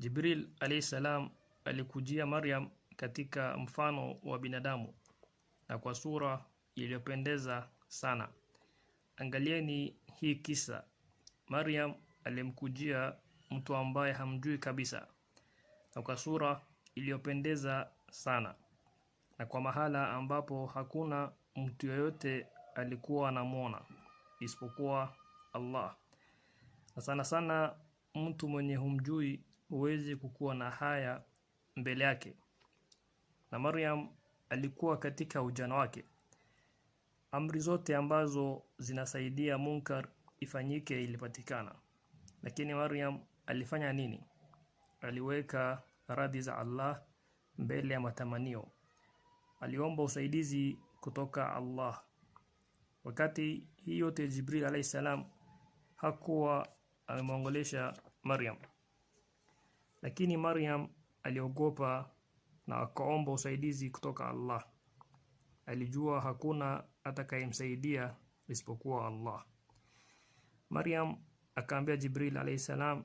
Jibril alayhi salam alikujia Maryam katika mfano wa binadamu na kwa sura iliyopendeza sana. Angalieni hii kisa. Maryam alimkujia mtu ambaye hamjui kabisa na kwa sura iliyopendeza sana na kwa mahala ambapo hakuna mtu yoyote alikuwa anamwona isipokuwa Allah, na sana sana mtu mwenye humjui huwezi kukuwa na haya mbele yake. Na Maryam alikuwa katika ujana wake. Amri zote ambazo zinasaidia munkar ifanyike ilipatikana, lakini Maryam alifanya nini? Aliweka radhi za Allah mbele ya matamanio. Aliomba usaidizi kutoka Allah. Wakati hii yote Jibril alayhi salam hakuwa amemwongolesha Maryam. Lakini Maryam aliogopa na akaomba usaidizi kutoka Allah. Alijua hakuna atakayemsaidia isipokuwa Allah. Maryam akaambia Jibril alayhi salam,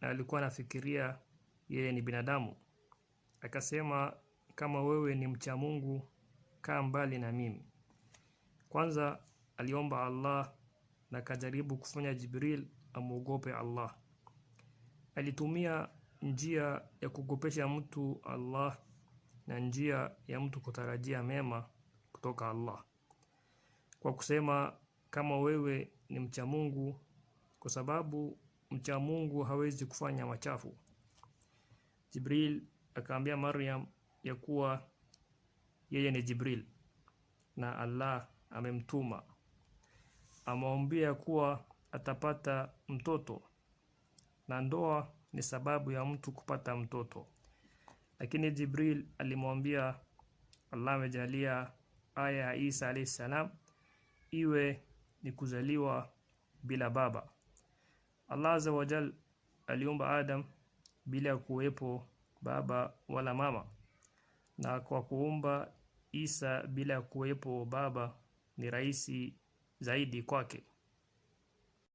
na alikuwa anafikiria yeye ni binadamu. Akasema, kama wewe ni mcha Mungu, kaa mbali na mimi. Kwanza aliomba Allah na kajaribu kufanya Jibril amuogope Allah. Alitumia njia ya kukopesha mtu Allah na njia ya mtu kutarajia mema kutoka Allah, kwa kusema kama wewe ni mcha Mungu, kwa sababu mcha Mungu hawezi kufanya machafu. Jibril akaambia Maryam ya kuwa yeye ni Jibril na Allah amemtuma, ameombia kuwa atapata mtoto na ndoa ni sababu ya mtu kupata mtoto. Lakini Jibril alimwambia Allah amejalia aya ya Isa alayhi salam iwe ni kuzaliwa bila baba. Allah azza wa jal aliumba Adam bila kuwepo baba wala mama, na kwa kuumba Isa bila kuwepo baba ni rahisi zaidi kwake.